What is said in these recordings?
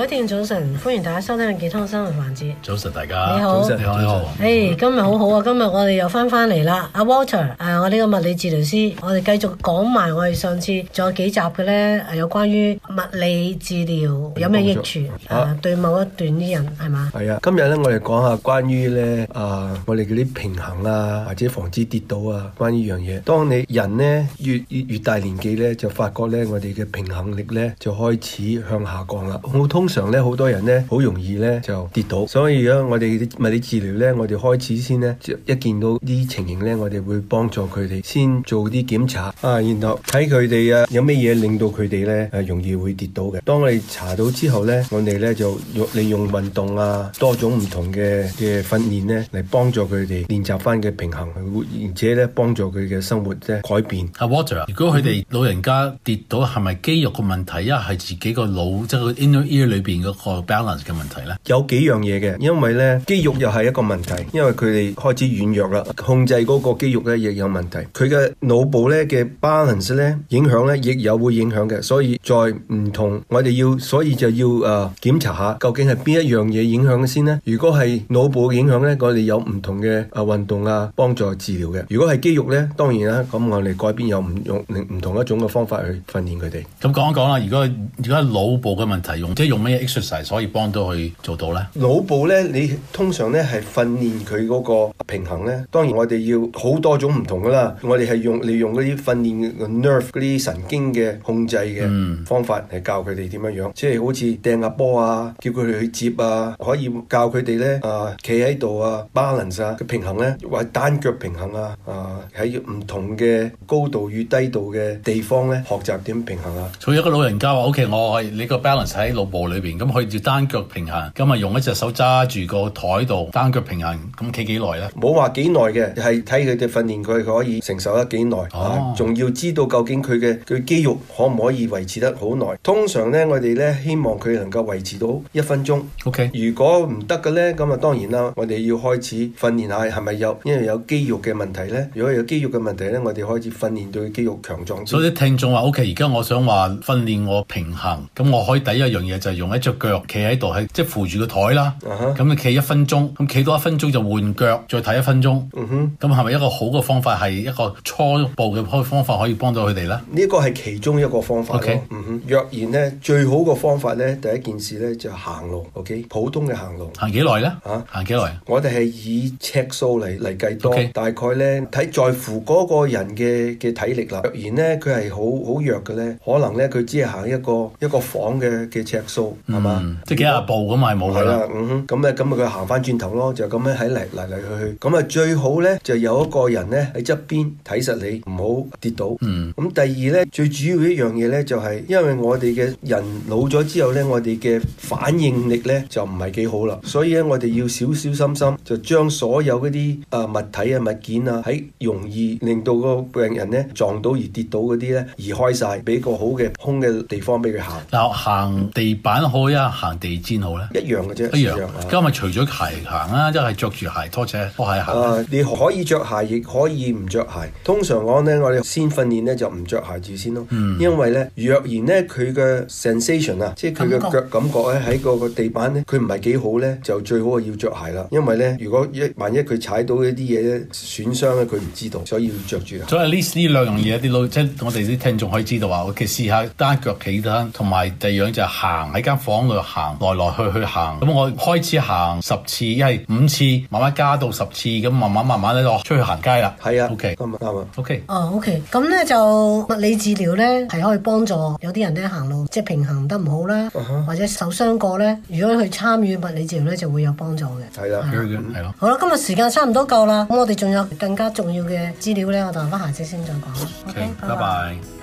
改天早晨，歡迎大家收聽健康生活環節。早晨大家，你好，早晨你好。誒，你好 hey，今日好好啊！嗯、今日我哋又翻返嚟啦，阿 Walter，誒、嗯啊，我呢個物理治療師，我哋繼續講埋我哋上次仲有幾集嘅咧，有、啊、關於物理治療有咩益處，啊？啊對某一段啲人係嘛？係啊，今日咧我哋講下關於咧啊，我哋嗰啲平衡啊，或者防止跌倒啊，關於呢樣嘢。當你人咧越越越大年紀咧，就發覺咧我哋嘅平衡力咧就開始向下降啦。好通通常咧好多人咧好容易咧就跌倒，所以如果我哋物理治療咧，我哋開始先咧一見到啲情形咧，我哋會幫助佢哋先做啲檢查啊，然後睇佢哋啊有咩嘢令到佢哋咧誒容易會跌倒嘅。當我哋查到之後咧，我哋咧就用利用運動啊多種唔同嘅嘅訓練咧嚟幫助佢哋練習翻嘅平衡，而且咧幫助佢嘅生活咧改變阿 Water，如果佢哋老人家跌倒係咪、嗯、肌肉嘅問題啊，一係自己個腦，即係個 inner ear 邊嗰個 balance 嘅問題咧？有幾樣嘢嘅，因為咧肌肉又係一個問題，因為佢哋開始軟弱啦，控制嗰個肌肉咧亦有問題。佢嘅腦部咧嘅 balance 咧影響咧亦有會影響嘅，所以再唔同我哋要，所以就要誒檢查下究竟係邊一樣嘢影響先咧。如果係腦部嘅影響咧，我哋有唔同嘅誒運動啊幫助治療嘅。如果係肌肉咧，當然啦，咁我哋改變有唔用唔同一種嘅方法去訓練佢哋。咁講一講啦，如果如果腦部嘅問題用即係用咩？所以幫到佢做到咧？腦部咧，你通常咧係訓練佢嗰個平衡咧。當然我哋要好多種唔同噶啦。我哋係用利用嗰啲訓練個 nerve 啲神經嘅控制嘅方法嚟、嗯、教佢哋點樣樣，即係好似掟個波啊，叫佢哋去接啊，可以教佢哋咧啊，企喺度啊，balance 啊嘅平衡咧，或單腳平衡啊，啊喺唔同嘅高度與低度嘅地方咧學習點平衡啊。除、呃、咗、啊、個老人家話，O.K.，我可以你個 balance 喺腦部裏。咁佢就單腳平衡，咁啊用一隻手揸住個台度單腳平衡，咁企幾耐呢？冇話幾耐嘅，係睇佢哋訓練佢可以承受得幾耐，仲、啊啊、要知道究竟佢嘅佢肌肉可唔可以維持得好耐？通常咧，我哋咧希望佢能夠維持到一分鐘。O Okay . K，如果唔得嘅咧，咁啊當然啦，我哋要開始訓練下係咪有因為有肌肉嘅問題咧？如果有肌肉嘅問題咧，我哋開始訓練對肌肉強壯。所以聽眾話：O K，而家我想話訓練我平衡，咁我可以第一樣嘢就係用。一隻腳企喺度，即係扶住個台啦。咁、uh huh. 你企一分鐘，咁企多一分鐘就換腳，再睇一分鐘。Uh huh. 咁係咪一個好嘅方法？係一個初步嘅方法，可以幫到佢哋咧？呢個係其中一個方法 Okay.、uh huh. 若然呢，最好嘅方法呢，第一件事呢，就是、行路。OK，普通嘅行路，行幾耐呢？吓、啊，行幾耐？我哋係以尺數嚟計多，Okay. 大概呢，睇在乎嗰個人嘅體力啦。若然呢，佢係好好弱嘅呢，可能呢，佢只係行一個一個房嘅尺數。係嘛，即係幾廿步咁啊，冇係啦。咁咁咧，咁啊佢行翻轉頭咯，就咁樣喺嚟嚟嚟去去。咁啊最好咧，就有一個人咧喺側邊睇實你，唔好跌倒。咁、嗯、第二咧，最主要一樣嘢咧，就係、是、因為我哋嘅人老咗之後咧，我哋嘅反應力咧就唔係幾好啦。所以咧，我哋要少小，小心心，就將所有嗰啲啊物體啊物件啊喺容易令到個病人咧撞到而跌倒嗰啲咧移開晒，俾個好嘅空嘅地方俾佢行。嗱，行地板。好啊！行地氈好啦，一樣嘅啫，一樣。今日除咗鞋行啊，一係着住鞋、啊、鞋拖車，拖鞋行、啊。啊，你可以着鞋，亦可以唔着鞋。通常講咧，我哋先訓練咧就唔着鞋住先咯。嗯、因為咧，若然咧佢嘅 sensation 啊，即係佢嘅腳感覺咧喺個地板咧，佢唔係幾好咧，就最好係要着鞋啦。因為咧，如果一萬一佢踩到一啲嘢損傷咧，佢唔知道，所以要着住。所以呢呢兩樣嘢，啲老、嗯、即係我哋啲聽眾可以知道啊。我其實試下單腳企單，同埋第二樣就行喺間房度行，來來去去行，咁我開始行十次，一係五次，慢慢加到十次，咁慢慢慢慢咧，我出去行街啦。係啊，O K，啱啊，O K。哦，O K，咁咧就物理治療咧係可以幫助有啲人咧行路，即係平衡得唔好啦，uh huh、或者受傷過咧，如果去參與物理治療咧就會有幫助嘅。係啦，係咯。好啦，今日時間差唔多夠啦，咁我哋仲有更加重要嘅資料咧，我就翻下次先再講。 o OK , K，拜拜。拜拜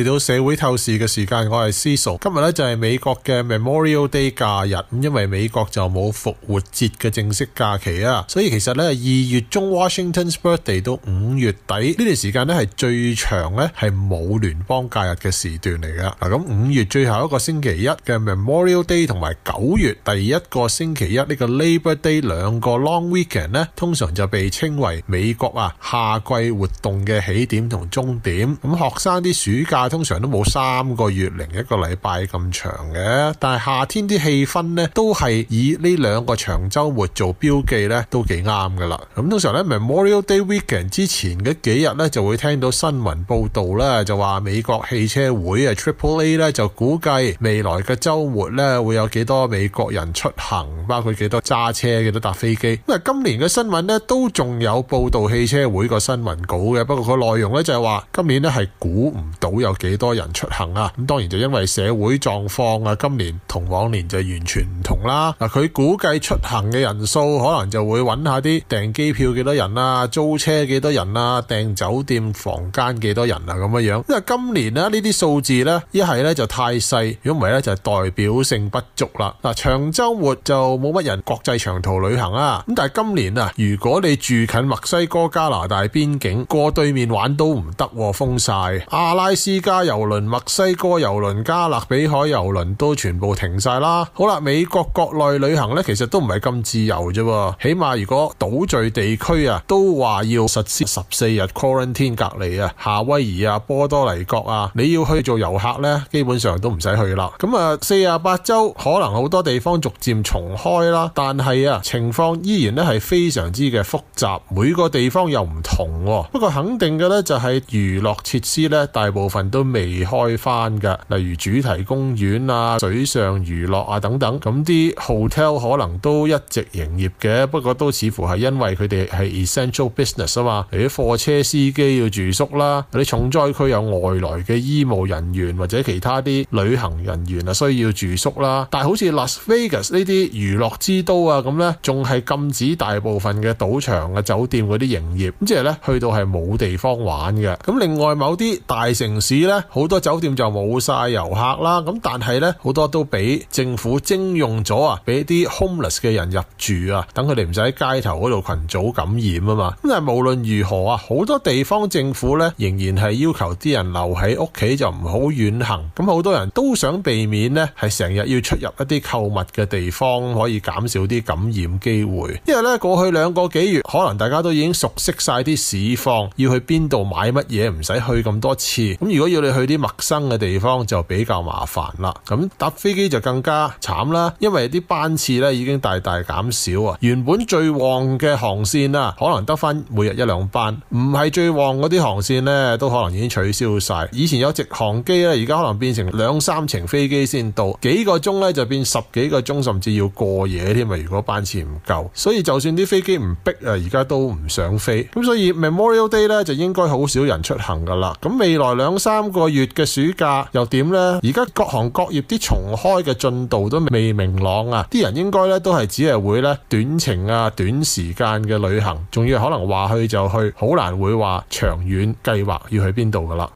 嚟到社會透視嘅時間，我係 C 叔。今日咧就係美國嘅 Memorial Day 假日，咁因為美國就冇復活節嘅正式假期啊，所以其實咧二月中 Washington’s Birthday 到五月底呢段，這個，時間咧係最長咧係冇聯邦假日嘅時段嚟噶。嗱，咁五月最後一個星期一嘅 Memorial Day 同埋九月第一個星期一呢，這個 Labor Day 兩個 Long Weekend 咧，通常就被稱為美國啊夏季活動嘅起點同終點。咁學生啲暑假。通常都冇三個月零一個禮拜咁長嘅，但係夏天啲氣氛咧都係以呢兩個長週末做標記咧，都幾啱噶啦。咁、嗯、通常咧 Memorial Day Weekend 之前嗰幾日咧，就會聽到新聞報道啦，就話美國汽車會啊 Triple A 咧就估計未來嘅週末咧會有幾多美國人出行，包括幾多揸車、幾多搭飛機。咁、嗯、啊，今年嘅新聞咧都仲有報導汽車會個新聞稿嘅，不過個內容咧就係、是、話今年咧係估唔到有。幾多人出行啊？咁當然就因為社會狀況啊，今年同往年就完全唔同啦。嗱，佢估計出行嘅人數可能就會揾下啲訂機票幾多人啊，租車幾多人啊，訂酒店房間幾多人啊咁樣。因為今年啦，呢啲數字呢，一係呢就太細，如果唔係呢，就代表性不足啦。嗱，長週末就冇乜人國際長途旅行啊。咁但係今年啊，如果你住近墨西哥加拿大邊境過對面玩都唔得，啊，封晒阿拉斯加。加郵輪、墨西哥郵輪、加勒比海郵輪都全部停晒啦。好啦，美國國內旅行咧，其實都唔係咁自由啫。起碼如果島嶼地區啊，都話要實施十四日 quarantine 隔離啊，夏威夷啊、波多黎各啊，你要去做遊客咧，基本上都唔使去啦。咁啊，四十八州可能好多地方逐漸重開啦，但係啊，情況依然咧係非常之嘅複雜，每個地方又唔同。不過肯定嘅咧，就係娛樂設施咧，大部分都。都未開翻㗎，例如主題公園啊、水上娛樂啊等等，咁啲 hotel 可能都一直營業嘅，不過都似乎係因為佢哋係 essential business 啊嘛，而啲貨車司機要住宿啦，啲重災區有外來嘅醫務人員或者其他啲旅行人員啊需要住宿啦，但好似 Las Vegas 呢啲娛樂之都啊咁呢，仲係禁止大部分嘅賭場啊酒店嗰啲營業，咁即係呢，去到係冇地方玩嘅。咁另外某啲大城市。咧好多酒店就冇晒遊客啦，咁但係咧好多都俾政府徵用咗啊，俾啲 homeless 嘅人入住啊，等佢哋唔使喺街頭嗰度群組感染啊嘛。咁但係無論如何啊，好多地方政府咧仍然係要求啲人留喺屋企就唔好遠行。咁好多人都想避免咧，係成日要出入一啲購物嘅地方，可以減少啲感染機會。因為咧過去兩個幾月，可能大家都已經熟悉晒啲市況，要去邊度買乜嘢唔使去咁多次。咁如果要你去啲陌生嘅地方就比較麻煩啦，咁搭飛機就更加慘啦，因為啲班次咧已經大大減少啊！原本最旺嘅航綫啦，可能得翻每日一兩班，唔係最旺嗰啲航綫咧，都可能已經取消晒。以前有直航機咧，而家可能變成兩三程飛機先到，幾個鐘咧就變十幾個鐘，甚至要過夜添啊！如果班次唔夠，所以就算啲飛機唔逼啊，而家都唔想飛。咁所以 Memorial Day 咧就應該好少人出行噶啦。咁未來兩三，三個月嘅暑假又點呢？而家各行各業啲重開嘅進度都未明朗啊！啲人應該咧都係只係會咧短程啊、短時間嘅旅行，仲要可能話去就去，好難會話長遠計劃要去邊度噶啦。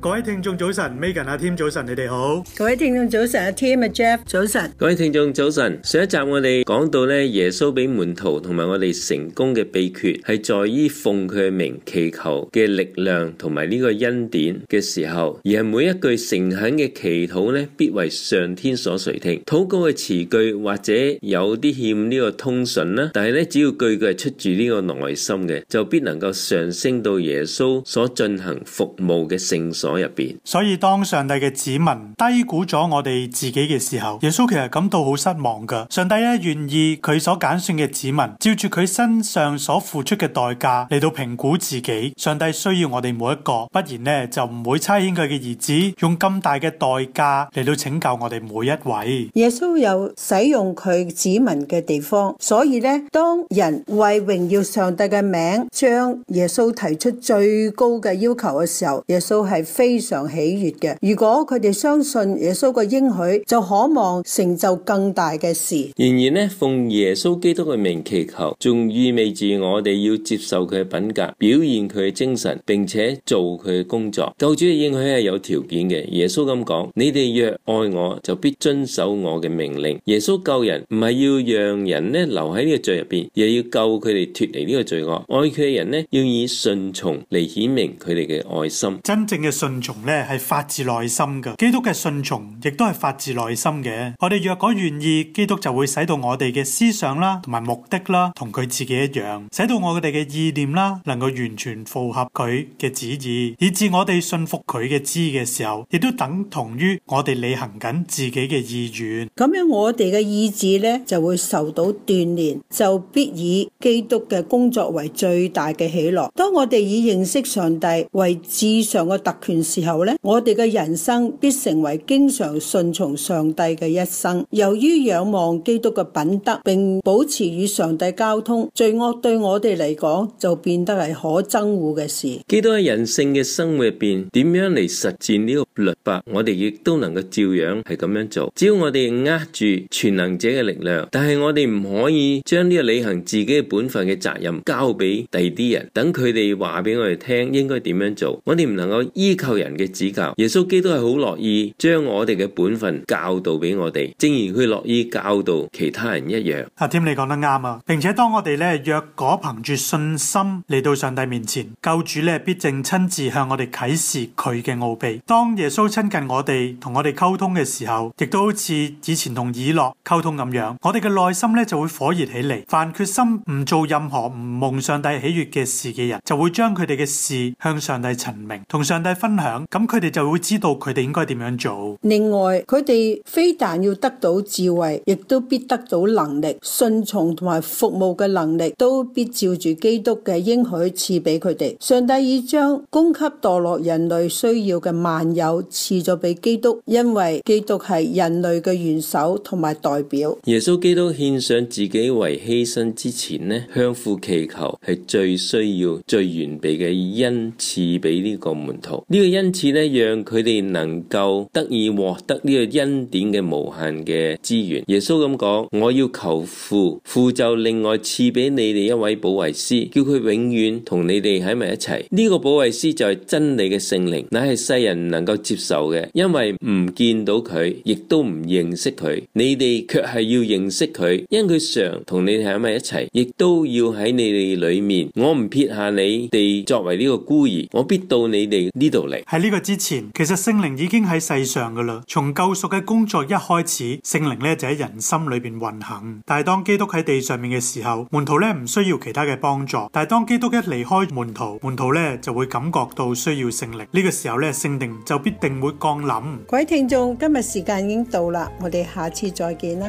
各位聽眾早晨，Megan 阿添早晨，你哋好。各位聽眾早晨，阿添啊 Jeff 早晨。各位聽眾早晨，上一集我哋講到咧，耶穌俾門徒同埋我哋成功嘅秘訣係在於奉佢嘅名祈求嘅力量同埋呢個恩典嘅時候，而係每一句誠懇嘅祈禱咧，必為上天所垂聽。禱告嘅詞句或者有啲欠呢個通順啦，但係咧只要句句係出自呢個內心嘅，就必能夠上升到耶穌所進行服務嘅聖所。講入邊，所以當上帝嘅子民低估咗我哋自己嘅時候，耶穌其實感到好失望噶。上帝咧願意佢所揀選嘅子民，照住佢身上所付出嘅代價嚟到評估自己。上帝需要我哋每一個，不然呢就唔會差遣佢嘅兒子用咁大嘅代價嚟到拯救我哋每一位。耶穌有使用佢子民嘅地方，所以呢，當人為榮耀上帝嘅名，將耶穌提出最高嘅要求嘅時候，耶穌係。非常喜悦嘅。如果佢哋相信耶穌嘅應許，就渴望成就更大嘅事。然而呢，奉耶穌基督嘅名祈求，仲意味住我哋要接受佢嘅品格，表現佢嘅精神，並且做佢嘅工作。救主嘅應許係有條件嘅。耶穌咁講：你哋若愛我，就必遵守我嘅命令。耶穌救人唔係要讓人呢留喺呢個罪入邊，又要救佢哋脫離呢個罪惡。愛佢嘅人呢，要以順從嚟顯明佢哋嘅愛心。真正嘅順從咧係發自內心噶，基督嘅順從亦都係發自內心嘅。我哋若果願意，基督就會使到我哋嘅思想啦，同埋目的啦，同佢自己一樣，使到我哋嘅意念啦，能夠完全符合佢嘅旨意，以致我哋信服佢嘅旨意嘅時候，亦都等同於我哋履行緊自己嘅意願。咁樣我哋嘅意志咧就會受到鍛煉，就必以基督嘅工作為最大嘅喜樂。當我哋以認識上帝為至上嘅特權。時候咧，我哋嘅人生必成為經常順從上帝嘅一生。由於仰望基督嘅品德，並保持與上帝交通，罪惡對我哋嚟講就變得係可憎惡嘅事。基督喺人性嘅生活入邊，點樣嚟實踐呢個律法，我哋亦都能夠照樣係咁樣做。只要我哋握住全能者嘅力量，但係我哋唔可以將呢個履行自己嘅本分嘅責任交俾第啲人，等佢哋話俾我哋聽應該點樣做。我哋唔能夠依靠。人嘅指教，耶穌基督係好樂意將我哋嘅本分教導俾我哋，正如佢樂意教導其他人一樣。阿添、啊，Tim，你講得啱啊！並且當我哋咧若果憑住信心嚟到上帝面前，救主咧必正親自向我哋啟示佢嘅奧秘。當耶穌親近我哋，同我哋溝通嘅時候，亦都好似以前同以諾溝通咁樣，我哋嘅內心咧就會火熱起嚟。凡決心唔做任何唔蒙上帝喜悅嘅事嘅人，就會將佢哋嘅事向上帝陳明，同上帝分。咁佢哋就會知道佢哋應該點樣做。另外，佢哋非但要得到智慧，亦都必得到能力、順從同埋服務嘅能力，都必照住基督嘅應許賜俾佢哋。上帝已將供給墮落人類需要嘅萬有賜咗俾基督，因為基督係人類嘅元首同埋代表。耶穌基督獻上自己為犧牲之前呢，向父祈求係最需要、最完備嘅恩賜俾呢個門徒。因此咧，讓佢哋能夠得以獲得呢個恩典嘅無限嘅資源。耶穌咁講：我要求父，父就另外賜俾你哋一位保惠師，叫佢永遠同你哋喺埋一齊。呢個保惠師就係真理嘅聖靈，乃係世人唔能夠接受嘅，因為唔見到佢，亦都唔認識佢。你哋卻係要認識佢，因佢常同你哋喺埋一齊，亦都要喺你哋裏面。我唔撇下你哋作為呢個孤兒，我必到你哋呢度嚟。喺呢個之前，其實聖靈已經喺世上噶啦。從救贖嘅工作一開始，聖靈咧就喺人心裏面運行。但係當基督喺地上面嘅時候，門徒咧唔需要其他嘅幫助。但係當基督一離開門徒，門徒咧就會感覺到需要聖靈。呢、這個時候咧，聖靈就必定會降臨。各位聽眾，今日時間已經到啦，我哋下次再見啦。